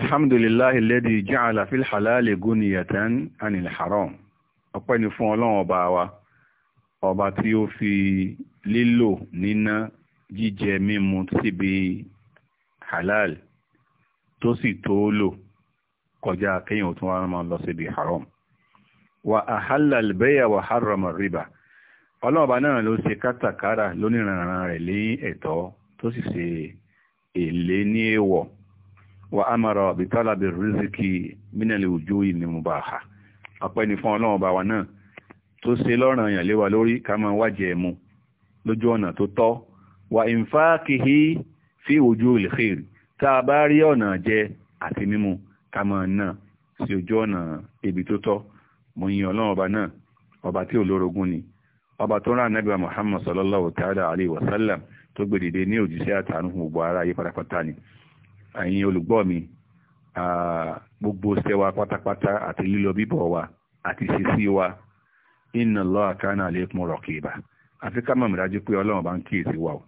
alhamdulillahi lẹ́dí ja'ala fil halali guniyatan anil haram ọpẹ́ ni fún ọlọ́run ọba wa ọba tí ó fi lílò níná jíjẹ mímu síbi halal tó sì tó lò kọjá kéèyàn tún wá máa lọ síbi haram wa ahalla al-bay'a wa harrama riba ọlọ́run ọba náà ló ṣe kátàkárà lónìrànràn rẹ̀ lé ẹ̀tọ́ tó sì ṣe èlé ní èèwọ̀ wà بطلب الرزق من mínàlì òjò ìní mubaha ọpẹ́ ní fún ọlọ́run ọba wa náà tó ṣe lọ́ràn èèyàn léwa lórí ká máa wájẹ mu lójú ọ̀nà tó tọ́ wà ìǹfàkìhí fi òjò ìlẹ̀kìr tá a bá rí ọ̀nà jẹ àti mímu ká máa nà sí ojú ọ̀nà ibi tó tọ́ mo yin ọlọ́run ọba náà ọba tí ò ni ọba tó rán anábìá muhammad sallallahu alayhi wa sallam tó gbèdìde ní òjíṣẹ́ àtàánú gbogbo ara yí pátápátá ni ẹ̀yin olùgbọ́ mi gbogbo sẹ́wà pátápátá àti lílọ bíbọ̀ wa àti ṣíṣí wa inna Allaha kana alaykum raqiba àfi ká mọ̀ mìíràn pé ọlọ́run bá ń kíyèsí wa o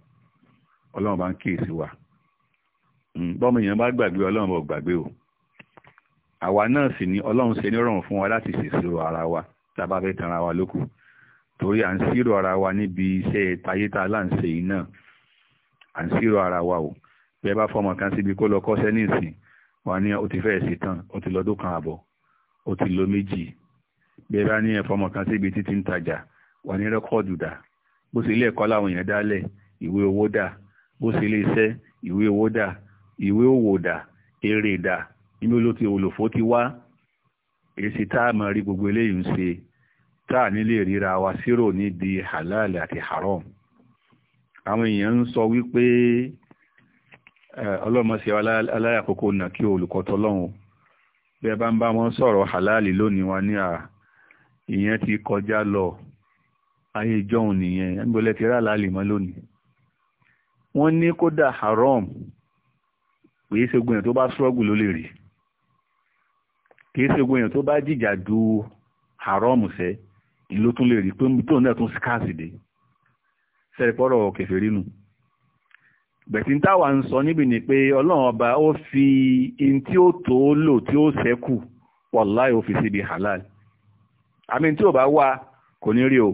ọlọ́run bá ń kíyèsí wa hmm, bọ́mọ èèyàn bá gbàgbé ọlọ́run bá gbàgbé o àwa náà sì ni ọlọ́run ṣe nírọ̀rùn fún wa láti ṣèṣirò ara wa tá a bá fẹ́ tan ara wa lókù torí à ń ṣírò ara wa níbi iṣẹ́ tayétà láǹṣe yìí náà à ń ṣírò ara wa o bẹ́ẹ̀ bá fọmọ kan síbi kó lọ kọ́ṣẹ́ ní ìsìn wọn ní o ti fẹ́ ṣe tán o ti lọ́dún kan àbọ̀ o ti lo méjì bẹ́ẹ̀ bá ní ẹ̀fọmọ kan síbi títí ń tajà wọn ní rẹ́kọ́ọ̀dù dà bó ṣe ilé ẹ̀kọ́ láwọn èèyàn dálẹ̀ ìwé owó dà bó ṣe ilé iṣẹ́ ìwé owó dà ìwé òwò dà èrè dà níbi ló ti olùfó ti wá èsì tá a mọ̀ rí gbogbo eléyìí ń ṣe tá a nílé ríra wa sírò ní di halal àti haram àwọn èèyàn ń sọ wípé Eh, ọlọ́mọsí aláyàkókò náà kí olùkọ́ tọ́lọ́hún bí ẹ bá ń bá wọn sọ̀rọ̀ halali lónìí wọn ní à ìyẹn ti kọjá lọ ayé jọ̀hún nìyẹn ẹgbẹ́lẹ́ ti rà láàlì mọ́ lónìí wọ́n ní kódà haram kìí ṣe gbìyànjú tó bá ṣọ́ọ̀gù ló lè rí kìí ṣe gbìyànjú tó bá jìjà du haram sẹ́ ìlú tún lè rí pé tóun náà tún skáàsì dé sẹ́rìpọ̀rọ̀ kẹfẹ́ rínu bẹ̀tí táwa ń sọ níbi ni pé ọlọ́run ọba ó fi in tí ó tó lò tí ó sẹ́kù pọ̀ wàláì ó fi síbi halal àmì tí ò bá wà kò ní rí o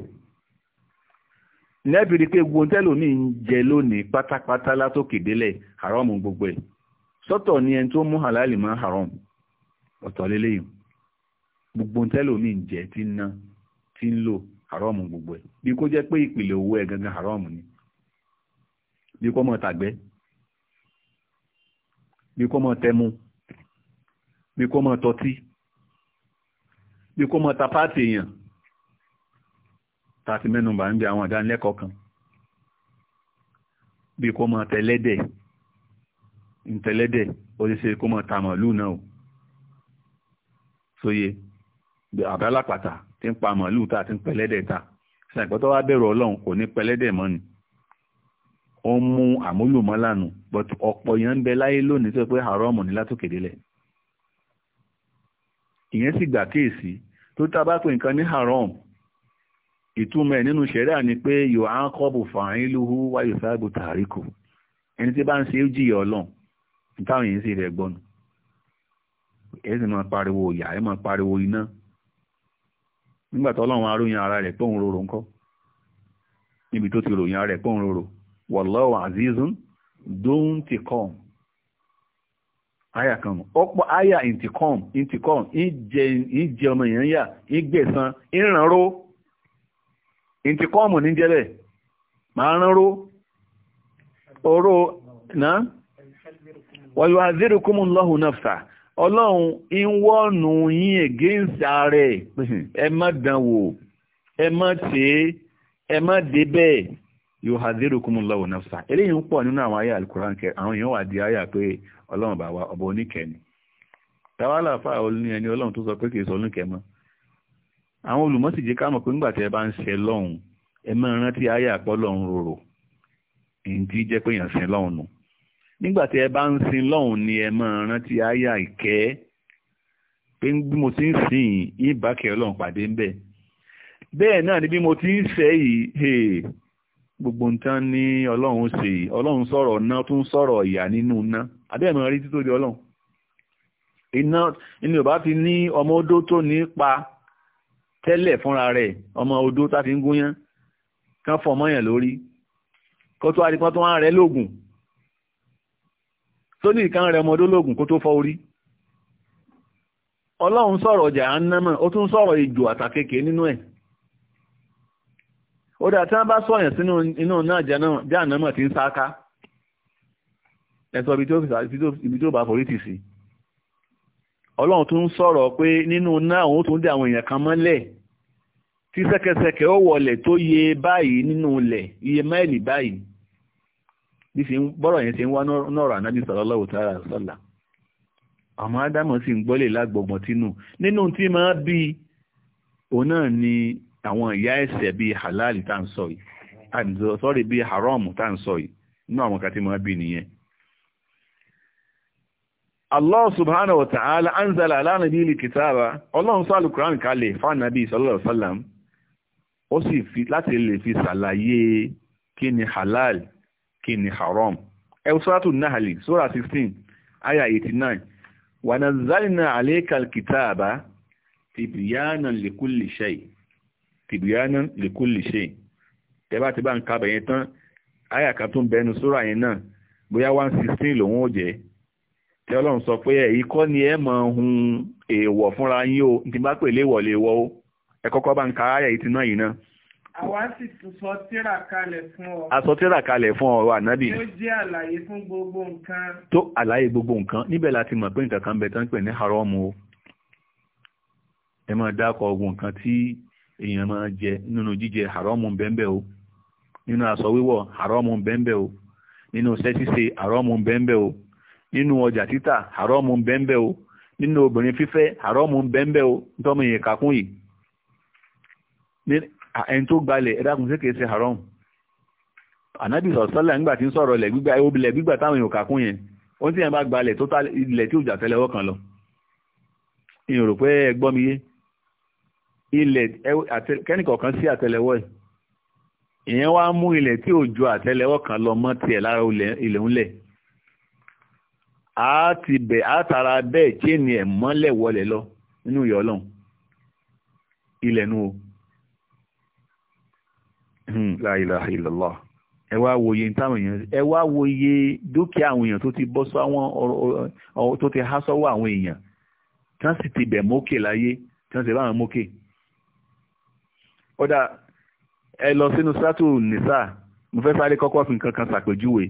lẹ́bìrì pé gbogbo ní ń jẹ lónìí pátápátá látòkè délẹ̀ haram gbogbo ẹ̀ sọ́tọ̀ ni ẹni tó mú halal mọ́ haram ọ̀tọ̀ lélẹ́yìn gbóńtẹ́lò ní ń jẹ tí ń ná tí ń lò haramu gbogbo ẹ̀ bí kò jẹ́ pé ìpìlẹ̀ owó ẹ̀ gangan haram ni bí kọ́ mọ́ tàgbẹ́ bí kọ́ mọ́ tẹmu bí kọ́ mọ́ tọtí bí kọ́ mọ́ tapáàtì èèyàn tàti mẹ́nubà ń bí àwọn ìdánilẹ́kọ̀ọ́ kan bí kọ́ mọ́ tẹlẹ́dẹ̀ ìtẹlẹ́dẹ̀ ó ti ṣe kọ́ mọ́ tamọ̀lú náà sóye àbálàpàtà tí ń pa màlúù ta ti ń pẹlẹ́dẹ̀ ta ṣàìpọ́tọ́ wá bẹ̀rù ọlọ́run kò ní pẹlẹ́dẹ̀ mọ́ ó ń mú àmúlùmọ́lànà but ọ̀pọ̀ èèyàn ń bẹ láyé lónìí tó pé haramu ní látòkè délẹ̀ ìyẹn sì gbà kéèsì tó tá a bá pè nǹkan ní haram ìtumọ̀ ẹ̀ nínú ṣẹ̀ríà ni pé yóò á kọ́bù fàáyín lóhù wáyò sáàbù tàríkù ẹni tí bá ń ṣe é jìyà ọlọ́run táwọn èèyàn sì rẹ̀ gbọ́nu ẹ sì máa pariwo ìyà ẹ máa pariwo iná nígbà tó ọlọ́run aróyìn ara rẹ̀ pé òun rorò ńkọ́ níbi tó ti ròyìn ara rẹ̀ pé òun rorò wallahu azizun dóńtìkọ́m àyà kan ọ̀pọ̀ àyà ìntìkọ́m ìntìkọ́m ìjẹ ọmọ èèyàn yà ìgbẹ̀san ìrànró ìntìkọ́m ní jẹ́bẹ̀ máa ránró oró náà wọ̀yọ̀ àzírùkúmù lọ́hùn nafsa ọlọ́run ìwọ́nù yín against ààrẹ ẹ má dánwò ẹ má tèé ẹ má yóò ha zero kúmù lọ́wọ́ nafsa eléyìí ń pọ̀ nínú àwọn ayé alukuran kẹ àwọn èèyàn wà di ayà pé ọlọ́run bá wa ọba tawala fa olú ẹni tó sọ pé kìí sọ mọ́ àwọn olùmọ́sì jẹ́ ká pé nígbà tí ẹ bá ń ṣe lọ́hùn ẹ máa rántí lọ́hùn rorò jẹ́ pé èèyàn sin lọ́hùn nù ni ẹ máa rántí ìkẹ́ pé mo ti ń sìn yín ọlọ́run pàdé ń bẹ́ẹ̀ ni bí mo ti ń fẹ́ yìí gbogbo nǹkan ní ọlọ́run ọlọ́run sọ̀rọ̀ ọ̀nà tún sọ̀rọ̀ ìyà nínú ná abẹ́ẹ̀mọ̀ rí títò di ọlọ́run iná ni ní ọmọ odó tó ní pa tẹ́lẹ̀ fúnra rẹ̀ ọmọ odó tá fi ń gúnyán kán yàn lórí kó tó tó wá rẹ̀ tó ní ìkan ọmọ odó kó tó ó dà tí wọ́n bá sọ̀yàn sínú inú náà jẹ́ náà bí ànámọ̀ ti ń sáká ẹ̀sọ́ ibi tó bá forí tì sí ọlọ́run tún sọ̀rọ̀ pé nínú náà òun tún dé àwọn èèyàn kan mọ́lẹ̀ tí sẹ́kẹsẹkẹ ó wọlẹ̀ tó yẹ báyìí nínú ilẹ̀ iye máìlì báyìí bí ṣe bọ́rọ̀ yẹn ṣe ń wá nọ̀rọ̀ ànábì sallallahu ta'ala sọ́là àmọ́ ni àwọn ìyá ẹ̀ṣẹ̀ bíi halal tá à ń sọ yìí sọ́rí bíi haram tá à ń sọ yìí nínú àwọn kan tí wọ́n bí nìyẹn. Allah subhanahu wa ta'ala anzala ala nabiyil kitaba ọlọ́run sọ alukuran kalẹ̀ fún anabi sallallahu alaihi wasallam ó sì fi láti lè fi ṣàlàyé kí ni halal kí ni haram ẹ sọ́ràtù nahali sura 16 aya 89 wa nazzalna alayka alkitaba tibyana likulli shay' tìbíyánà lèkúlì ṣe tẹ́bá ti bá ń ka bẹ̀yẹn tán àyà kan tó ń bẹnu sóra yẹn náà bóyá one sixteen lòun ò jẹ́ tí ọlọ́run sọ pé èyí kọ́ ni ẹ mọ̀ hun èèwọ̀ fúnra yín o ní ti bá pè léwọ̀ lè wọ́ o ẹ kọ́kọ́ bá ń ka àyà yìí ti náà yìí náà. àwa sì tún sọ tírà kalẹ̀ fún ọ. a sọ tírà kalẹ̀ fún ọ ànábì. tó jẹ́ àlàyé fún gbogbo nǹkan. tó àlàyé gbogbo nǹkan níbẹ̀ la mọ̀ pé nǹkan kan bẹ èèyàn máa jẹ nínú jíjẹ haramu bẹ́ẹ̀nbẹ́ o nínú aṣọ wíwọ̀ haramu o nínú iṣẹ́ ṣíṣe haramu bẹ́ẹ̀nbẹ́ o nínú ọjà títà haramu bẹ́ẹ̀nbẹ́ o nínú obìnrin fífẹ́ haramu bẹ́ẹ̀nbẹ́ o tọ́mọ kakún gbalẹ̀ ẹ dákun sékèé ṣe haramu ànábì nígbà tí ń sọ̀rọ̀ ilẹ̀ gbígbà ilẹ̀ gbígbà táwọn ilẹ̀ kẹ́nìkọ̀ọ̀kan sí àtẹ́lẹwọ́ ẹ̀ ìyẹn wá mú ilẹ̀ tí ò ju àtẹ́lẹwọ́ kan lọ mọ́ tiẹ̀ lára ilẹ̀ ńlẹ̀ a ti bẹ̀ a tara bẹ́ẹ̀ chéènì ẹ̀ mọ́lẹ̀ wọlé lọ nínú ìyọ́ ọlọ́run ilẹ̀ nu o hmm, la ilaha illallah ẹ wá wòye táwọn èèyàn ẹ wá wòye dúkìá àwọn èèyàn tó ti bọ́ sọ àwọn ọ̀rọ̀ tó ti há sọ́wọ́ àwọn èèyàn tí wọ́n sì ti bẹ̀ mókè láyé tí wọ́n sì bá àwọn mókè. ọ̀dà ẹ lọ sínú sátò nìsà mo fẹ́ sáré kọ́kọ́ fi nǹkan kan ṣàpèjúwe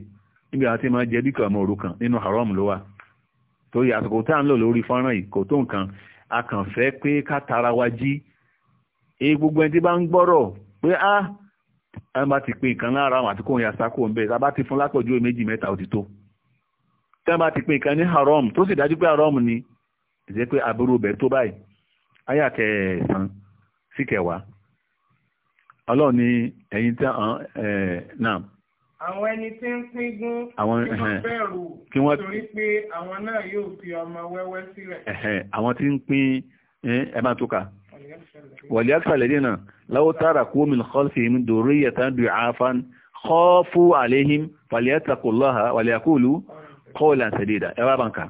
níbi àwọn máa jẹ bí kan ọmọ òrukàn nínú haram ló wà torí àsìkò tá à ń lò lórí fọ́nrán yìí kò tó nǹkan a kàn fẹ́ pé ká tara wa jí èyí gbogbo ẹni tí bá ń gbọ́rọ̀ pé á bá ti pe nǹkan lára àwọn àti ya yàtá kóhun bẹ́ẹ̀ tá a bá ti fún lápọ̀jù méjì mẹ́ta òtítọ́ tá a bá ti pe nǹkan ní haram tó sì dájú pé haram ni ìjẹ́ pé tó báyìí ayà kẹsàn-án kẹwàá ọlọ́run ni ẹ̀yin tí náà àwọn ẹni tí ń pígún kí wọ́n bẹ̀rù nítorí pé àwọn náà yóò fi ọmọ wẹ́wẹ́ sílẹ̀. àwọn tí ń pín ẹ máa tó kà wọ̀lẹ́ àkàlẹ̀ dínà láwọ́ tààrà kú min khalfihim durriyatan du'afan khafu alaihim falyataqullaha wa liyaqulu qawlan sadida ẹ wá bàǹkà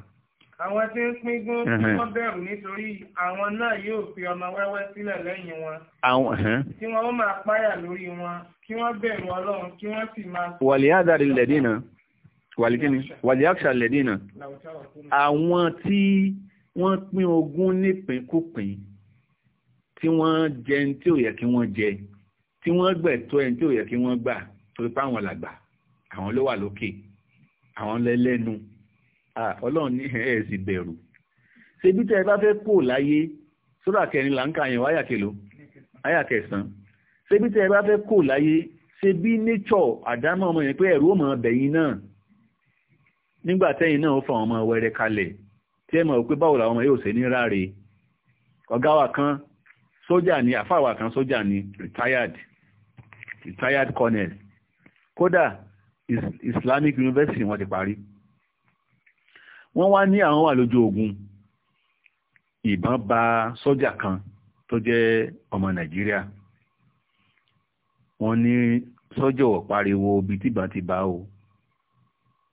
àwọn tí ń pín gún wọ́n bẹ̀rù nítorí àwọn náà yóò fi ọmọ wẹ́wẹ́ sílẹ̀ lẹ́yìn wọn. àwọn tí wọ́n ó máa páyà lórí wọn kí wọ́n bẹ̀rù ọlọ́run kí wọ́n sì máa. wàlẹ́ àdáre lẹ́dínà wàlíkíní wàlẹ́ àṣà lẹ́dínà àwọn tí wọ́n pín ogún nípínkúpín tí wọ́n jẹ ẹni tí ò yẹ kí wọ́n jẹ tí wọ́n gbẹ̀tọ́ ẹni tí ò yẹ kí wọ́n gbà torí pé àwọn làgbà àwọn ló wà lókè àwọn lẹ́lẹ́nu ọlọ́run ní ẹ̀ sì bẹ̀rù ṣebí tẹ́ ẹ bá fẹ́ kó láyé sódà kẹrin là ń kà yẹn wáyà kelo àyà kẹsàn-án ṣebí tẹ́ ẹ bá fẹ́ kó láyé ṣebí nature àdámọ́ ọmọ yẹn pé ẹ̀rú ọmọ bẹ̀yìn náà nígbà tẹ́yìn náà ó fa ọmọ wẹrẹ kalẹ̀ tí ẹ mọ̀ pé báwo làwọn ọmọ yóò ṣe ní ráre ọ̀gá wa kan sójà ni àfáà wa kan sójà ni retired retired colonel kódà Islamic University wọ́n ti parí wọ́n wá ní àwọn wà lójú ogun ìbọn ba sọ́jà kan tó jẹ́ ọmọ nàìjíríà wọ́n ní sọ́jà ò pariwo ibi tíbọn ti bá o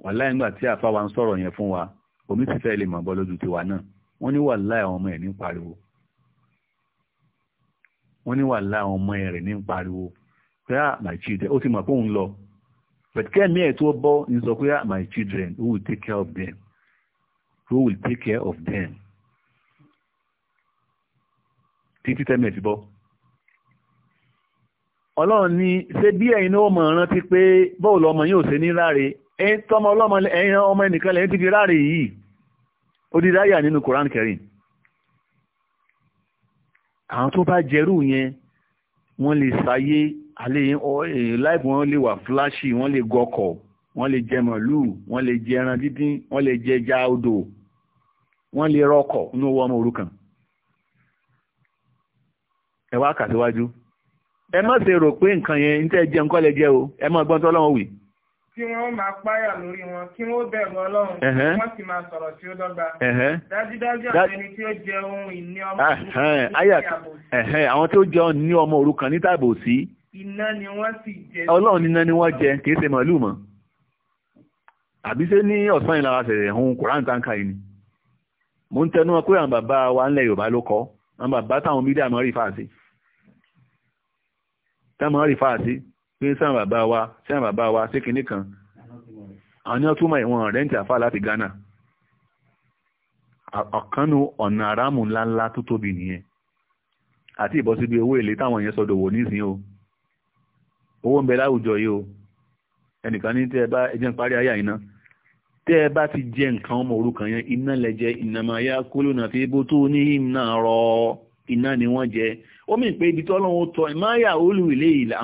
wàláì ńgbà tí àfa wa ń sọ̀rọ̀ yẹn fún wa omi sì fẹ́ lè mọ̀ bọ́ lójú tiwa náà wọ́n ní wàláì àwọn ọmọ ẹ̀ ní pariwo wọ́n ní wàláì àwọn ọmọ ẹ̀ rẹ̀ ní pariwo pé à ah, my children ó ti mọ̀ pé òun lọ but kẹ́mi ẹ̀ tó bọ́ ń sọ pé à ah, my children who will take care of them who will take care of them títí tẹ́mẹ̀ ti bọ́ ọlọ́run ní ṣé bí ẹ̀yin náà mọ̀ rántí pé bọ́ọ̀lù ọmọ yóò ṣe ní láre ẹ̀yin tọ́mọ ọlọ́mọ ẹ̀yin ọmọ ẹnìkan lẹ́yìn ti fi láre yìí ó di dáyà nínú Koran kẹrin àwọn tó bá jẹrú yẹn wọ́n lè sáyé láìpù wọn lè wà fúláṣì wọ́n lè gọkọ̀ wọ́n lè jẹ màlúù wọ́n lè jẹ ẹran dídín wọ́n lè jẹ ẹja odò wọ́n lè rọkọ̀ ní owó ọmọ òrukàn ẹ wá kà síwájú ẹ má ṣe rò pé nǹkan yẹn ń tẹ́ jẹun kọ́ lẹ o ẹ má gbọ́n kí wọ́n máa páyà lórí wọn kí wọ́n bẹ̀rù ọlọ́run wọ́n sì máa sọ̀rọ̀ tí ó dọ́gba dájúdájú àwọn ẹni tí ó jẹ ohun ìní ọmọ ní àwọn tí ó jẹ ohun ìní ọmọ ní mo ń tẹnu pé àwọn bàbá wa ńlẹ̀ yorùbá ló kọ́ àwọn bàbá táwọn mídíà mọ́ rí fàásì táwọn rí fàásì pé sáwọn bàbá wa sáwọn bàbá wa sí kinní kan àwọn yóò túmọ̀ ìwọ̀n rẹ́ǹtì àfà láti Ghana ọ̀kanú ọ̀nà àrámù ńláńlá tó tóbi nìyẹn àti ìbọ̀síbi owó èlé táwọn èèyàn sọdọ̀ wò nísìnyí o owó ń bẹ láwùjọ yìí o ẹnìkan ní tẹ́ bá ẹjẹ́ ń parí ayé àyíná tẹ́ ẹ bá ti jẹ nǹkan ọmọ òrukàn yẹn iná lẹ jẹ ya náà fi bó tó ní iná rọ iná ni wọ́n jẹ ó mì pé ibi tọ́lọ́ wọn tọ́ ìmáyà olùwìlé ìlà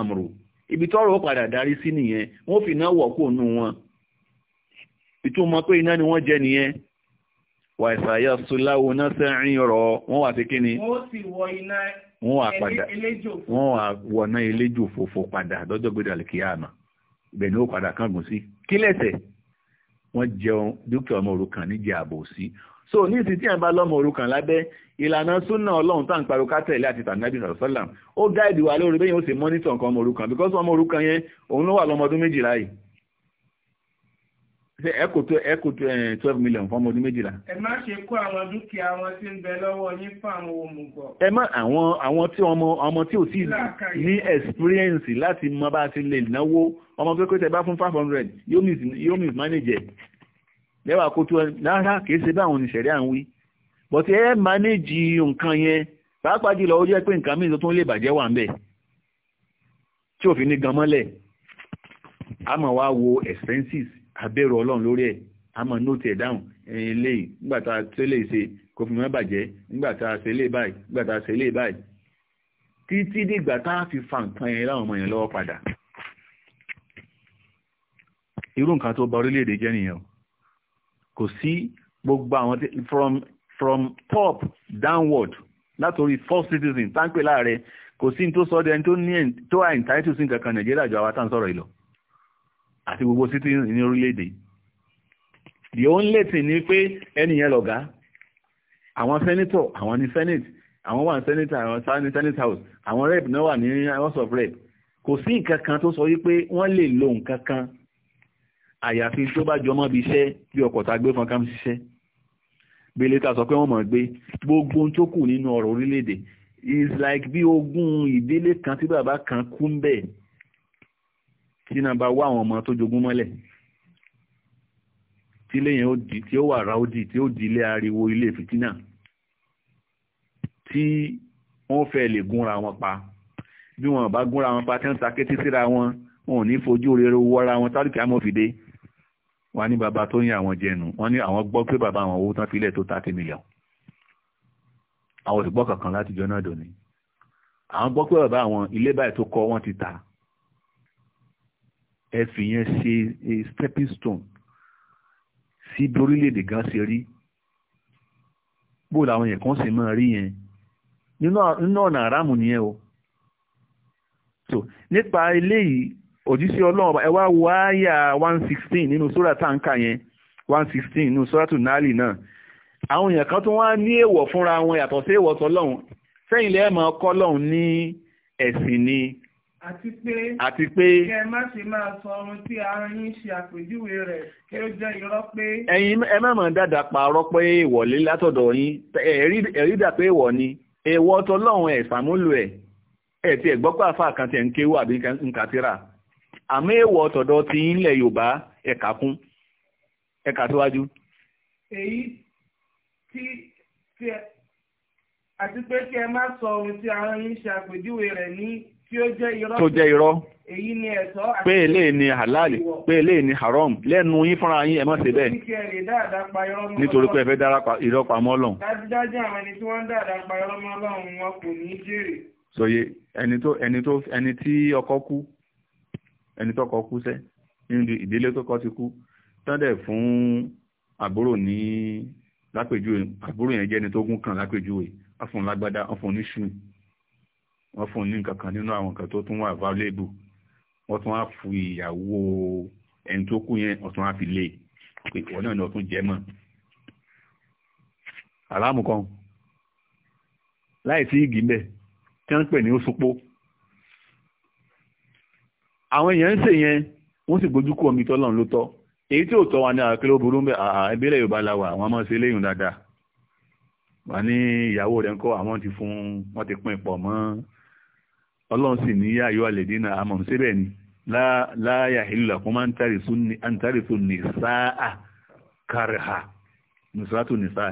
ibi tọ́rọ̀ ó padà darí sí nìyẹn wọ́n fi iná wọ̀ kó nù wọn ìtumọ̀ pé iná ni wọ́n jẹ nìyẹn wà ìsàyà sùláwò náà sẹ́rin rọ wọ́n wà sí kíni wọ́n wà padà wọ́n wà wọ̀ná eléjò fòfò padà lọ́jọ́ gbé wọ́n jẹun dúkìá ọmọ òrukàn níjẹ́ àbòsí so ní ìsìn tí ẹ̀ ń bá lọ́mọ òrukàn lábẹ́ ìlànà súnà ọlọ́run tá à ń pariwo kátẹ̀lé àti tànàbí sàlọ́sálàm ó gáìdì wà lórí bẹ́yìn ó sì mọ́nítọ̀ nǹkan ọmọ òrukàn because ọmọ òrukàn yẹn òun ló wà lọ́mọdún méjìlá yìí ṣe ẹkò tó ẹkò tó ẹ̀ twelve million fún ọmọ ọdún méjìlá. ẹ má ṣe kó àwọn dúkìá wọn tí ń bẹ lọ́wọ́ yín fún àwọn òmùgọ̀. ẹ má àwọn àwọn tí ọmọ ọmọ tí ò sí ní experience láti mọ bá a ti lè náwó ọmọ pẹ́pẹ́ tẹ bá fún five hundred yóò miss manager lẹ́wà kó tó rárá kìí ṣe báwọn oníṣẹ̀rí à ń wí bọ́tí ẹ manage nǹkan yẹn pàápàá jùlọ ó jẹ́ pé nǹkan mìíràn tó ń lè bàjẹ́ wà ń tí òfin ní gan mọ́lẹ̀ a máa wo expenses abẹ́rù ọlọ́run lórí ẹ̀ a mọ̀ nóòtì ẹ̀ dáhùn eléyìí nígbà tá a ṣe lè ṣe kò fi mọ́ bàjẹ́ nígbà tá a ṣe lè báyìí nígbà tá a ṣe lè báyìí títí dìgbà tá a fi fa nǹkan yẹn láwọn ọmọ yẹn lọ́wọ́ padà irú nǹkan tó ba orílẹ̀-èdè jẹ́ nìyẹn kò sí gbogbo àwọn from from top downward látòrí first citizen táǹpẹ̀ láàrẹ kò sí ní tó sọ́dọ̀ ẹni tó ní tó àìntáìtù sí nǹkan àti gbogbo city ní orílẹ̀-èdè the only thing ni pé ẹni yẹn lọ̀gá àwọn senator àwọn ní senate àwọn wà ní senator àwọn sáà ní senate house àwọn rep náà wà ní house of rep kò sí nǹkan kan tó sọ wípé wọ́n lè lo nǹkan kan àyàfi tó bá jọmọ́ bí iṣẹ́ bí ọkọ̀ tá a gbé fún kámi ṣiṣẹ́ gbélé ta sọ pé wọ́n mọ̀ gbé gbogbo tó kù nínú ọ̀rọ̀ orílẹ̀-èdè It's like bí ogún ìdílé kan tí bàbá kan kú ń bẹ́ẹ̀ tí náà bá wá àwọn ọmọ tó jogún mọ́lẹ̀ tí ilé yẹn ó di tí ó wà ráódì tí ó di ilé ariwo ilé fìtínà tí wọ́n fẹ́ lè gúnra wọn pa bí wọn bá gúnra wọn pa tí wọ́n takété síra wọn wọn ò ní fojú rere wọ́ra wọn tálùkì amófìdé wọn ní bàbá tó ń yà wọn jẹnu wọn ní àwọn gbọ́ pé bàbá àwọn owó tán filẹ̀ tó thirty million àwọn òsìgbọ́ kankan látijọ́ náà dòní àwọn gbọ́ pé bàbá àwọn ilé báyìí tó kọ́ wọn ti ta ẹ fìyẹn ṣe a stepping stone sí bí orílẹ̀-èdè gan ṣe rí bó làwọn yẹn kan sì máa rí yẹn nínú ọ̀nà àràmù nìyẹn o so nípa eléyìí òjíṣẹ́ ọlọ́run ẹ wá wo àyà one sixteen nínú sórà táǹkà yẹn one sixteen nínú sórà tó náàlì náà àwọn èèyàn kan tó wá ní èèwọ̀ fúnra wọn yàtọ̀ sí èèwọ̀ tọlọ́run sẹ́yìn lẹ́ẹ̀ máa kọ́ lọ́run ní ẹ̀sìn ni àti pé àti pé kẹ má ṣe máa sọ ohun tí ara yín ṣe àpèjúwe rẹ̀ kí ó jẹ́ irọ́ pé. ẹ̀yin ẹ má máa dàdà parọ́ pé ìwọlé látọ̀dọ̀ yín ẹ̀rí dà pé ìwọ ni èèwọ̀ tọlọ́run ẹ̀ ṣàmúlò ẹ̀ ẹ̀ tí ẹ̀ gbọ́ pé àfa kan tiẹ̀ ń kéwò àbí nǹkan tíra àmọ́ èèwọ̀ tọ̀dọ̀ ti ilẹ̀ Yorùbá ẹ̀ka kún ẹ̀ka síwájú. èyí tí tí àti pé kí ẹ má sọ ohun tí ara yín ṣe àpèjúwe rẹ̀ ní tó jẹ́ irọ́ pé eléyìí ni halal pé eléyìí ni haram lẹ́nu yín fúnra yín ẹ má ṣe bẹ́ẹ̀ nítorí pé ẹ fẹ́ dára irọ́ pamọ́ lọ́hùn. dájúdájú àwọn ẹni tí wọ́n ń dáadáa pa irọ́ mọ́ lọ́hùn wọn kò ní jèrè. sòye ẹni tó ẹni tó ẹni tí ọkọ kú ẹni tó ọkọ kú sẹ́ nínú ìdílé tó kọ́ ti kú tọ́ndẹ̀ fún àbúrò ní lápèjúwe àbúrò yẹn jẹ́ ẹni tó gún kan lápèjúwe ọ̀fun lágbádá wọ́n fún un ní nǹkan kan nínú àwọn nǹkan tó tún wà available wọ́n tún wá fún ìyàwó ẹni tó kú yẹn ọ̀tún wá fi lé e. pé ìwọ náà ni ọ̀tún jẹ́ mọ́ àlámù kan láì sí igi mbẹ tí wọ́n ń pè ní oṣùpó àwọn èèyàn ń ṣe yẹn wọ́n sì gbójú kú omi tọ́lọ́run ló tọ́ èyí tí ò tọ́ wa ní àkílò burú ń àbílẹ̀ Yorùbá la wà àwọn ọmọ ṣe léyìn dáadáa wà ní ìyàwó rẹ̀ ń kọ́ àwọn ti fún wọ́n ti pín pọ̀ mọ́ ọlọ́run sì ní yá àlèdè náà àmọ̀ síbẹ̀ ni láyà ìlà kó máa ń tàrísù ní sáà kárìhà nùsùlátù ní sáà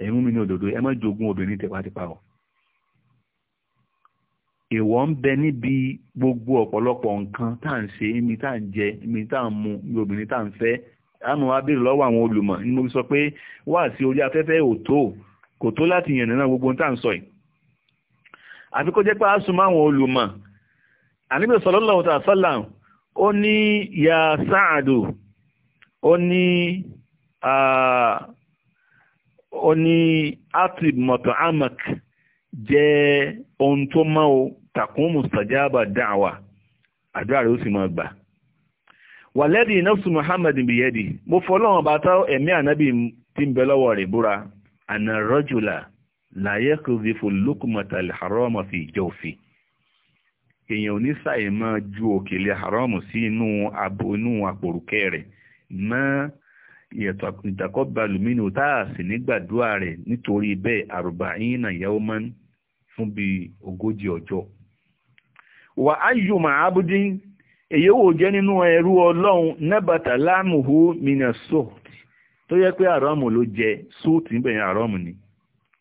ẹ̀yin mú mi ní òdòdó ẹ má jogún obìnrin tẹpátẹpá o èèwọ̀ ń bẹ níbi gbogbo ọ̀pọ̀lọpọ̀ nǹkan tá à ń ṣe ibi tá à ń jẹ ibi tá à ń mu ibi obìnrin tá à ń fẹ́ àmọ́ wa béèrè lọ́wọ́ àwọn olùmọ̀ ni mo sọ pé wá sí orí afẹ́fẹ́ òtó kò tó láti yànnà náà gbogbo ohun tá à ń sọ yìí àfi kó jẹ́ pé a súnmọ́ àwọn olùmọ̀ ànábì sallallahu ta'ala ó ní ya sáàdù ó ní ó ní atib mọ̀tọ̀ amak jẹ́ ohun tó mọ́ o mustajaba da'wa àdúrà rẹ̀ ó sì máa gbà wàlẹ́dì nafsu muhammad biyadi mo fọlọ́wọ́n bá tá ẹ̀mí ànábì tí ń bẹ lọ́wọ́ rẹ̀ búra àná la yakdhifu al-luqmata al-harama fi jawfi eyan ni sai ma ju okele haram si inu nu abunu aporukere ma yeto takobalu minu ta si ni gbadua re nitori be 40 yawman fun bi ogoji ojo wa ayyuma abdin eye wo je ninu eru olohun nabata lamuhu minas suti to ye pe haram lo je suti nbe haram ni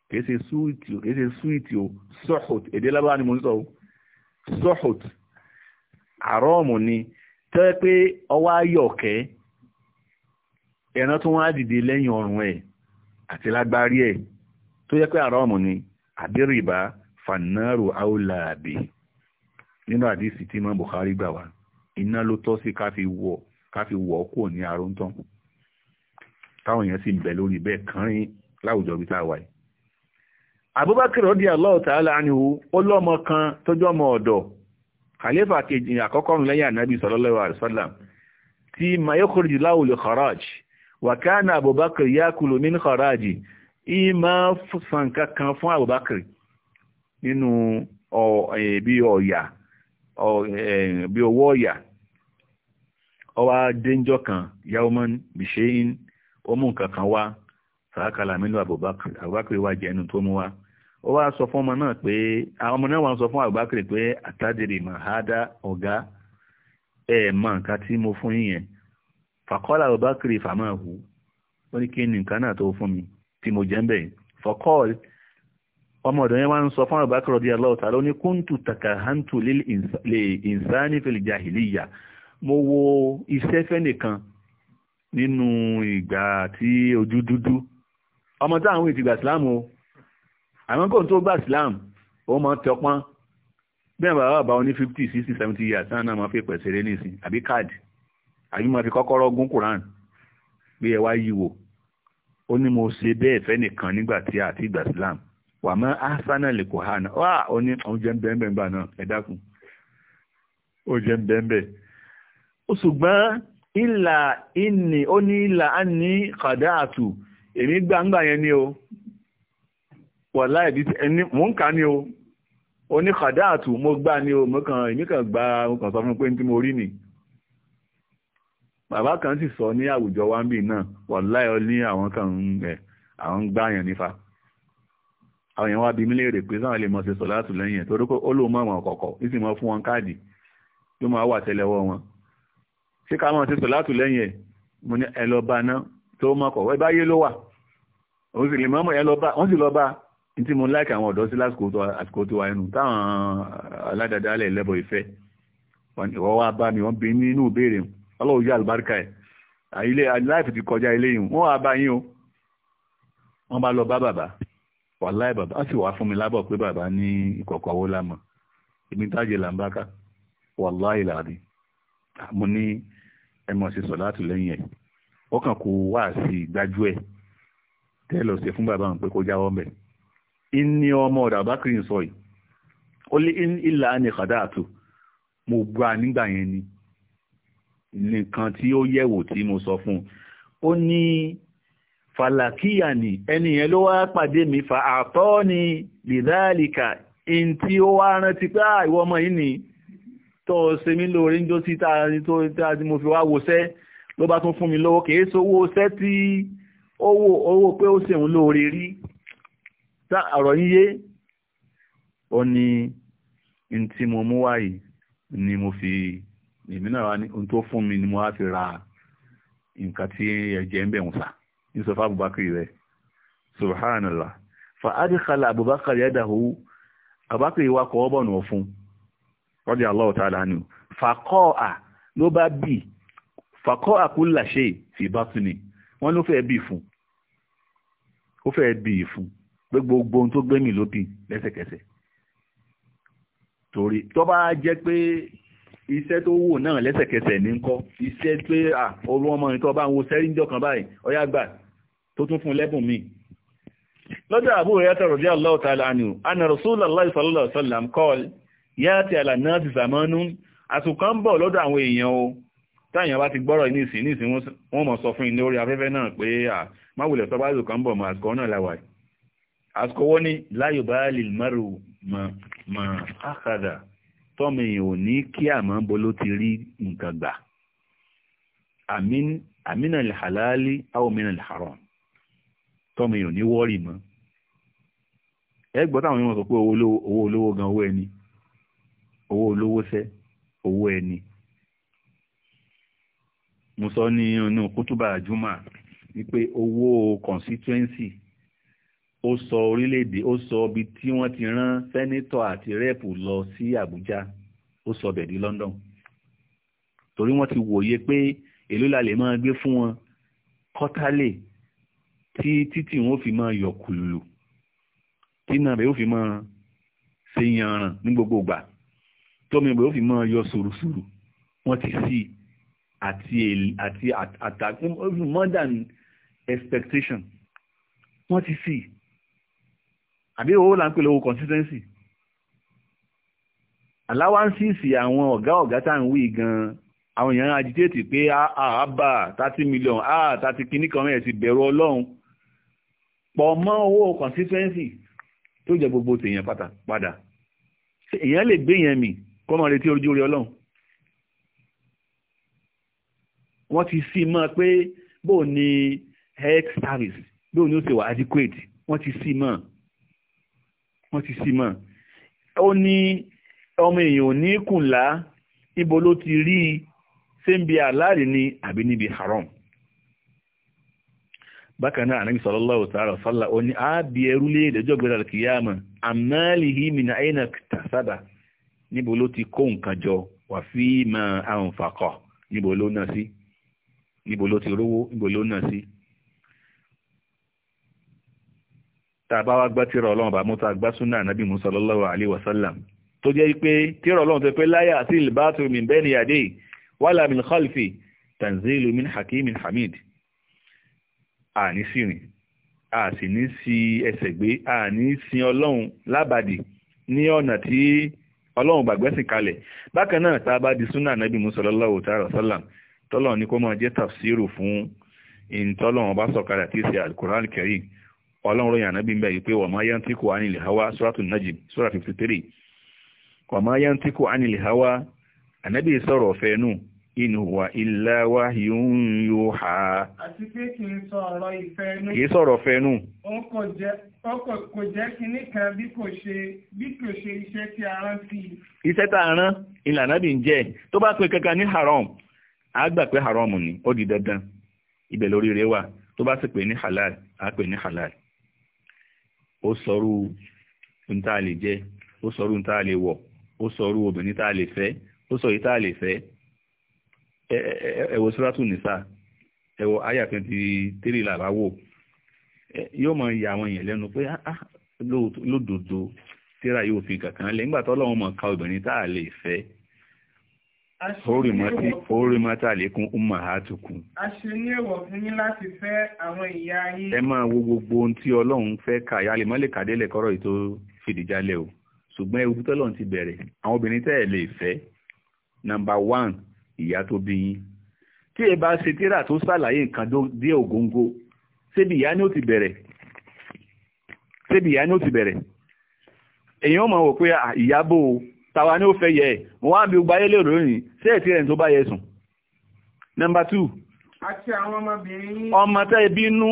kìí ṣe súwìtì o kìí ṣe súwìtì o sọ́hùt èdè lábára ni mo ń sọ o sọ́hùt àrọ́ọ̀mù ni tẹ́ pé ọwọ́ ayọ̀kẹ́ ẹran tó wọ́n á dìde lẹ́yìn ọrùn ẹ̀ àti lágbárí ẹ̀ tó yẹ pé àrọ́ọ̀mù ni àdérìbá fanáàrò áúláàbì nínú àdìsí tí mọ́ Bukhari gbà wá iná ló tọ́ sí ká fi wọ̀ ká fi bí tá yìí abubakar ọdí Allah ta'ala anhu ó lọ́mọ kan tọ́jọ́ ọmọ ọ̀dọ̀ khalifa kejì àkọ́kọ́ lẹ́yìn ànábì sallallahu alaihi wasallam tí mayokurji láwùl kharaj wa kana abubakar yakulu min kharaji ìmá san kankan fún abubakar nínú bí ọ̀yà bí owó ọ̀yà ọwá dénjọ́ kan yawman bishayin ó mú nǹkan kan wá fàákàlà mílò abubakar abubakar wá jẹ́ ẹnu tó mú wá ó wá sọ fún ọmọ náà pé àwọn ọmọ náà wà ń sọ fún Abubakar pé àtàdìrì mahada ọ̀gá ẹ̀ mọ nǹkan tí mo fún yín yẹn fàkọ́lá Abubakar fàmọ́ hù ó ní kí ni nǹkan náà tó fún mi tí mo jẹ́ ń bẹ̀ fọ́kọ́l ọmọ ọ̀dọ̀ yẹn wá ń sọ fún Abubakar radiyallahu ta'ala ó ní kúntù takahantu lil insani fil jahiliya mo wo iṣẹ́ fẹ́nìkan nínú ìgbà tí ojú dúdú ọmọ táwọn ìtìgbà ìsìlámù àmọ́ kò tó gba islam ó máa tẹpọ́n bí àwọn bàbá bàbá ní fifty sixty seventy years náà náà máa fi pẹ̀sẹ̀ rẹ nísìn àbí káàdì àbí máa fi kọ́kọ́rọ́ gún quran bí ẹ wá yí wò ó ní mo ṣe bẹ́ẹ̀ fẹ́ nìkan nígbà tí àti ìgbà islam wà mọ́ asana lè kò hànà wá ó ní oúnjẹ ń bẹ́ẹ̀ bẹ́ẹ̀ náà ẹ dákun oúnjẹ ń bẹ́ẹ̀ bẹ́ẹ̀ ó ṣùgbọ́n ìlà ìní ó ní ìlà á ní kàdáàtù èmi gbàǹgbà yẹn ni o wàlá ìdí ẹni mò ń kà ní o oní kàdáàtù mo gbà ní o mo kàn èmi kàn gba mo kàn sọ fún pé ní tí mo rí nì bàbá kan sì sọ ní àwùjọ wa ń bì náà wàlá ẹ ní àwọn kan ń ẹ àwọn ń gbààyàn nífa àwọn èèyàn wá bí mílẹ̀ èrè pé sáwọn lè mọ̀ ṣe sọ láti lẹ́yìn ẹ̀ torí ó lóun mọ̀ àwọn ọ̀kọ̀ọ̀kọ̀ ó sì mọ̀ fún wọn káàdì tó máa wà tẹ́lẹ̀wọ́ wọn ṣé ká mọ̀ ṣe sọ láti lẹ́yìn ẹ̀ mo ní ẹ lọ bá náà tó mọ̀ kọ̀ wẹ́ báyé ló wà òun sì lè mọ̀ ẹ lọ bá wọ́n sì lọ bá tí mo láìka àwọn ọ̀dọ́ sí lásìkò tó wà nínú táwọn aládàdálẹ̀ lẹ́bọ̀ ìfẹ́ ìwọ́ wá bá mi wọ́n bí nínú ìbéèrè ọlọ́run yá àlùbáríkà ẹ̀ ilé láìfì ti kọjá ilé yìí wọ́n wá bá yín o wọ́n bá lọ bá bàbá wà láì bàbá wọ́n sì wá fún mi lábọ̀ pé bàbá ní ìkọ̀kọ̀ owó lámọ̀ èmi tájẹ làǹbákà wà láì làdí mo ní ẹmọ sí sọ láti lẹ́yìn inni ọmọ ọ̀dà bákìrì sọ yìí ó lé ìlà ní kàdáàtù mo gbà nígbà yẹn ni nìkan tí ó yẹ̀wò tí mo sọ fún un ó ní fàlàkíyà ni ẹni yẹn ló wá pàdé mi fa àtọ́ ni lìdáàlìkà in tí ó wá rántí pé àìwọ ah, ọmọ yìí ni tó ṣe mí lóore ń jó sí tá a ti mo fi wá wọṣẹ́ ló bá tún fún mi lówó kìí sówó ṣẹ́ tí owó pé ó ṣeun lóore rí tá ọ̀rọ̀ yín yé ó ní n tí mo mú wá yìí ni mo fi èmi náà ohun tó fún mi ni mo wá fi ra nǹkan tí ẹ̀jẹ̀ ń bẹ̀ ń sà ní sọ fún Abubakar rẹ̀ subhanallah fa adikala Abubakar yadahu Abubakar wa kọ́ ọ́ ọ̀fun rọ́dí Allah ta'ala nù fàkọ́ à ló bá bì fàkọ́ àkúlà ṣe ìfìbátúni wọ́n ló fẹ́ bì fún ó fẹ́ bì fún pé gbogbo ohun tó gbẹ́mì ló bì lẹ́sẹ̀kẹsẹ̀ torí tó bá jẹ́ pé iṣẹ́ tó wò náà lẹ́sẹ̀kẹsẹ̀ ní ń kọ́ iṣẹ́ pé à orú ọmọ ìtọ́ bá ń wo sẹ́ríńjọ́ kan báyìí ọyá gbà tó tún fún lẹ́bùn mi lọ́jọ́ àbúrò yá tọrọ díẹ̀ lọ́wọ́ ta la nù àna Rasulullahi sallallahu alaihi wasallam kọ́ọ̀l yá ti àlànà ti sàmọ́nú àsùnkàn ń bọ̀ lọ́dọ̀ àwọn èèyàn o táyàn bá ti gbọ́rọ̀ ní ìsìn ní ìsìn wọ́n mọ̀ sọ fún ilé orí afẹ́fẹ́ náà pé à máwùlẹ̀ sọ bá àsùnkàn ń bọ̀ mọ̀ àsùnkàn náà la àsìkò wọ́n ní láyò bá lè márùn mọ̀ ákàdà tọ́mọ èèyàn ò ní kí àmọ́ bolo ti rí nǹkan gbà àmínà halali aw mínà haram tọ́mọ èèyàn ò ní wọ́ọ̀rì mọ́ ẹ gbọ́ táwọn èèyàn sọ pé owó olówó gan owó ẹni owó olówó sẹ́ owó ẹni mo sọ ní inú kútùbà jùmọ̀ wípé owó constituency ó sọ orílẹ̀-èdè ó sọ ibi tí wọ́n ti rán sẹ́nítọ̀ àti rẹ́ẹ̀pù lọ sí Àbújá ó sọ bẹ̀ di London torí wọ́n ti wòye pé èló la lè máa gbé fún wọn kọ́tálè tí títì wọn ó fi máa yọ̀ kùlù tí náà rẹ̀ ó fi máa ṣe yanran ní gbogbo ìgbà tómi rẹ̀ ó fi máa yọ sùrùsùrù wọ́n ti sí àti àti àtàkùn more expectation wọ́n ti sí àbí owó là ń pè lówó consistency aláwáńsíìsì àwọn ọ̀gá ọ̀gá tá à ń wí gan-an àwọn èèyàn agitate pé àbá thirty million a thirty kìíní kan ẹ̀ sì bẹ̀rù ọlọ́run pọ̀ mọ́ owó consistency tó jẹ gbogbo tèèyàn padà èèyàn lè gbé yẹn mì kọ́ mọ́ retí ojú rí ọlọ́run wọ́n ti sí mọ́ pé bóò ni health service bóò ni ó ṣe wà adequate wọ́n ti sí mọ́ wọ́n ti sì mọ̀ ó ní ọmọ èèyàn ò ní kùnlá ibo ló ti rí i ṣé ń bi àláàlì ni àbí níbi haram bákan náà ànábì sallallahu ta'ala sọ́lá ó ní àábí ẹrú lé ìdẹ́jọ́ gbéra kìyàmù àmàlìhí min àyínà tàṣádà níbo ló ti kó nǹkan jọ wà fí máa àǹfàkọ̀ níbo ló náà sí níbo ló ti rówó níbo ló náà sí tá a bá wá gbá tírà ọlọ́run bá mú tá a gbá súnà nàbí musa lọ́lọ́wọ́ alẹ́ wasalam tó jẹ́ pé tírà ọlọ́run tó pé láyà àti ìlbátù min bẹ́ni adé wàlà min khalfi tanzilu min hakimin hamid àní sírin a sì ní sí ẹsẹ̀ gbé àní sin ọlọ́run lábàdì ní ọ̀nà tí ọlọ́run gbàgbẹ́sìn kalẹ̀ bákan náà tá a di súnà nàbí musa lọ́lọ́wọ́ tààrà sálàm tọ́lọ́run ní kó máa jẹ́ tàfsírù fún ìntọ́lọ́run bá sọ̀kalẹ̀ àti ìsẹ̀ ọlọ́run yàn nábì ń bẹ̀ yìí pé wama yantiqu anil hawa suratu najm sura fifty three wama yantiqu anil hawa ànábì sọ̀rọ̀ ọ̀fẹ́ nù in huwa illa wahyun yuha. àti pé kì í sọ̀rọ̀ ìfẹ́ nù. kì í sọ̀rọ̀ ọ̀fẹ́ nù. ọkọ̀ kò jẹ́ kinní kan bí kò ṣe bí kò ṣe iṣẹ́ tí a rán sí i. iṣẹ́ tá a rán ìlànà bí ń jẹ́ tó bá pe kankan ní haram á gbà pé haram ni ó di dandan ibẹ̀ lórí rẹ̀ wà tó bá sì pè ní halal á pè ní halal. ó sọrú ohun tá ó sọrú ohun wọ̀ ó sọrú obìnrin tá fẹ́ ó sọ fẹ́ wo sùrátù nìsà ẹ wo àyà twenty yóò mọ ìyá àwọn èèyàn lẹ́nu pé ah, ah, tíra yóò fi kankan lẹ́yìn mọ̀ ká obìnrin Orímọ́tí orímọ́tí àlékún ọmọ àtùkùn. A ṣe ní èwọ̀ fún yín láti fẹ́ àwọn ìyá yín. Ẹ máa wo gbogbo ohun tí Ọlọ́run fẹ́ kà yá lè mọ́lẹ̀ kàdélẹ̀ kọ́rọ̀ ètò fìdíjálẹ̀ o. Ṣùgbọ́n ewu tọ́lọ́run ti bẹ̀rẹ̀. Àwọn obìnrin tẹ́ ẹ̀ lè fẹ́. Nàmbà wán ìyá tó bí yín. Tí ẹ bá ṣe tíra tó ṣàlàyé nǹkan dé ògóńgó, ṣébi ìyá ni ó ti bẹ̀rẹ̀. Ṣébi ìyá ni ó ti bẹ̀rẹ̀. Èèyàn mọ̀ wò pé tàwa ní ó fẹ́ yẹ ẹ̀ mo wá ń bi gbayé lè ròyìn sí ẹ̀ ẹ̀ tó bá yẹ sùn. nọmba two. àti àwọn ọmọbìnrin yín. ọmọ tẹ́ ẹ bínú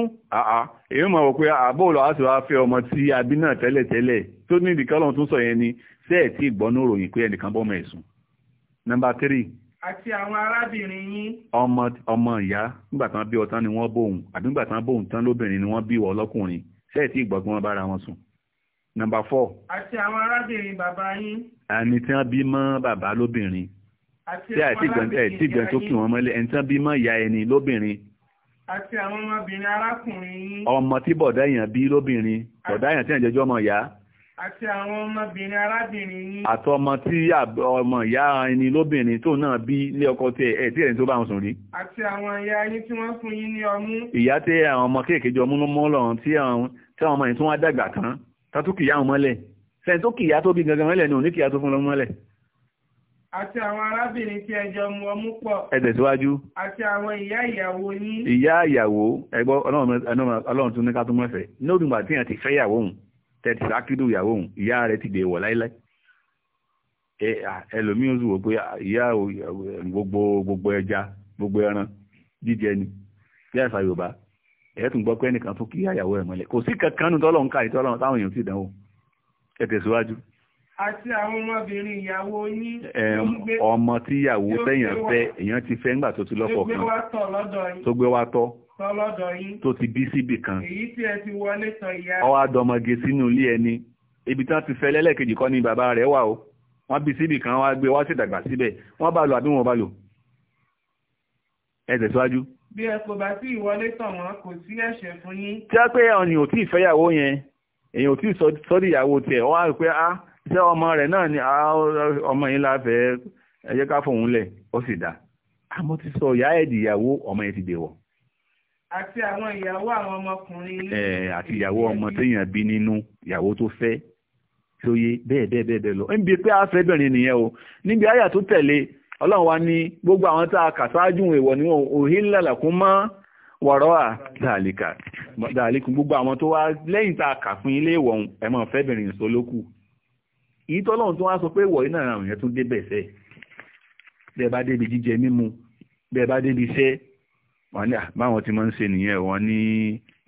èyí mọ̀ wọ́n pé àbó lọ́wọ́ àti wàá fẹ́ ọmọ tí a bí náà tẹ́lẹ̀ tẹ́lẹ̀ tó ní ìdíkẹ́ ọlọ́run tún sọ yẹn ni sí ẹ̀ tí ìgbọ́nú ròyìn pé ẹnìkan bọ́ ọmọ ẹ̀ sùn. nọmba three. àti àwọn arábìnrin yín. ọmọ ọmọ ìyá nígbà tán bí ọtán ni wọ́n bóun àbí nígbà tán bóun tán lóbìnrin ni wọ́n bí wọ́ ọlọ́kùnrin sí ẹ̀ tí ìgbọ́gbọ́n bára wọn sùn. Number four. Àti àwọn arábìnrin bàbá yín. Àní tí wọ́n bí mọ́ bàbá lóbìnrin. Àti àwọn arábìnrin ìyá yín. Tí ìgbọ̀n tó kì wọ́n mọ́lé ẹni tí wọ́n bí mọ́ ìyá ẹni lóbìnrin. Àti àwọn ọmọbìnrin arákùnrin yín. Ọmọ tí bọ̀dá èèyàn bí lóbìnrin. Bọ̀dá èèyàn tí èèyàn jẹjọ́ ọmọ ìyá. Àti àwọn ọmọbìnrin arábìnrin yín. Àti ọmọ tí ọmọ ìyá ẹni lóbìnrin tó náà bí ilé ọkọ tí ẹ tí ẹni tó bá wọn sùn rí. Àti àwọn ìyá yín tí wọ́n fún yín ní ọmú. Ìyá tí àwọn ọmọ kéèké jọ múnú tí àwọn ọmọ yìí tún wá dàgbà tán tàtú kìyà wọn mọ́lẹ̀ sẹ́ni tó kìyà tó bí gangan mọ́lẹ̀ ni òní kìyà tó fún lọ́mọ mọ́lẹ̀. àti àwọn arábìnrin tí ẹjọ́ mu ọmú pọ̀. ẹ tẹ̀síwájú. àti àwọn ìyá ìyàwó yín. ìyá ìyàwó ẹgbọ́ ọlọ́run tún ní ká tó mọ̀ ẹ̀fẹ̀ nígbà tí yẹn ti fẹ́ ìyàwó òun tẹ̀ ti sákìdù ìyàwó òun ìyá rẹ̀ ti dèwọ̀ láíláí ẹlòmí ó sì wò ẹ̀ tún gbọ́ pé ẹnìkan tún kí àyàwó ẹ̀ mọ́lẹ̀ kò sí kankan nù tọ́lọ́run ká ìtọ́lọ́run táwọn èèyàn sì dánwò ẹ tẹ̀síwájú. àti àwọn ọmọbìnrin ìyàwó yín. ọmọ tí ìyàwó tẹ̀yàn fẹ́ èèyàn ti fẹ́ ńgbà tó ti lọ́kọ̀ kan tó gbé wá tọ́ tọ́lọ́dọ̀ yín tó ti bí síbì kan èyí tí ẹ ti wọlé tán ìyá ọwọ́ àdọ́mọge sínú ilé ẹni ibi tán ti fẹ́ lẹ́lẹ́kejì kọ́ ni bàbá rẹ̀ wà o wọ́n bí síbì kan wá gbé wá sì dàgbà síbẹ̀ wọ́n bá lò àbí wọn bá lò ẹ tẹ̀síwájú bí ẹ bá tí ìwọlé tàn wọ́n kò sí ẹ̀ṣẹ̀ fún yín. tí a pé ẹ̀hàn ni ò tí ì fẹ́yàwó yẹn èyàn ò tí ì sọ́dí ìyàwó tiẹ̀ wọ́n á rí pé á ah, iṣẹ́ ọmọ rẹ̀ náà ni ah, ọmọ yìí láfẹ̀ẹ́ ẹ jẹ́ ká fòun lẹ̀ ó sì dá àmọ́ ti sọ ìyá ẹ̀dì ìyàwó ọmọ yẹn ti dèwọ̀. àti àwọn ìyàwó àwọn ọmọkùnrin. ẹ àti ìyàwó ọmọ téèyàn bí nínú ìyàwó tó fẹ́ sóyé bẹ́ẹ̀ bẹ́ẹ̀ bẹ́ẹ̀ lọ. ń bi pé àfẹ́bẹ̀rin nìyẹn o níbi àyà tó tẹ̀lé ọlọ́run wa ní gbogbo àwọn tá a kà sáájú ìwọ̀ níwọ̀n òhìnlẹ̀ lẹ̀kún mọ́ wọ̀rọ̀ à dàlíkà dàlíkùn gbogbo àwọn tó wá lẹ́yìn tá a kà fún ilé ìwọ̀n ẹ̀mọ́ fẹ́bìnrin sọ lókù èyí tọ́lọ́run tó wá sọ pé ìwọ̀ iná àwọn èèyàn tún débẹ̀ sẹ́ bẹ́ẹ̀ bá débi jíjẹ mímu bẹ́ẹ̀ bá débi iṣẹ́ wọn ní báwọn ti máa ń ṣe nìyẹn wọn ní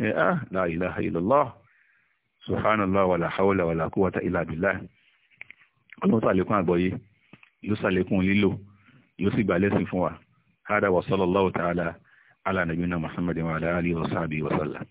eh, ah, la ilaha illallah subhanallah wàlà hawla wàlà quwwata illa billah ọlọ́run tó àlékún àgbọ́yé ló ṣàlékún lílò yóò sì gbà lẹ́sìn fún wa hada wa sallallahu ta'ala ala nabiyina muhammadin wa ala alihi wa